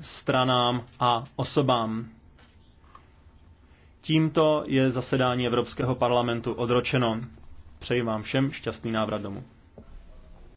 stranám a osobám. Tímto je zasedání Evropského parlamentu odročeno. Přeji vám všem šťastný návrat domů.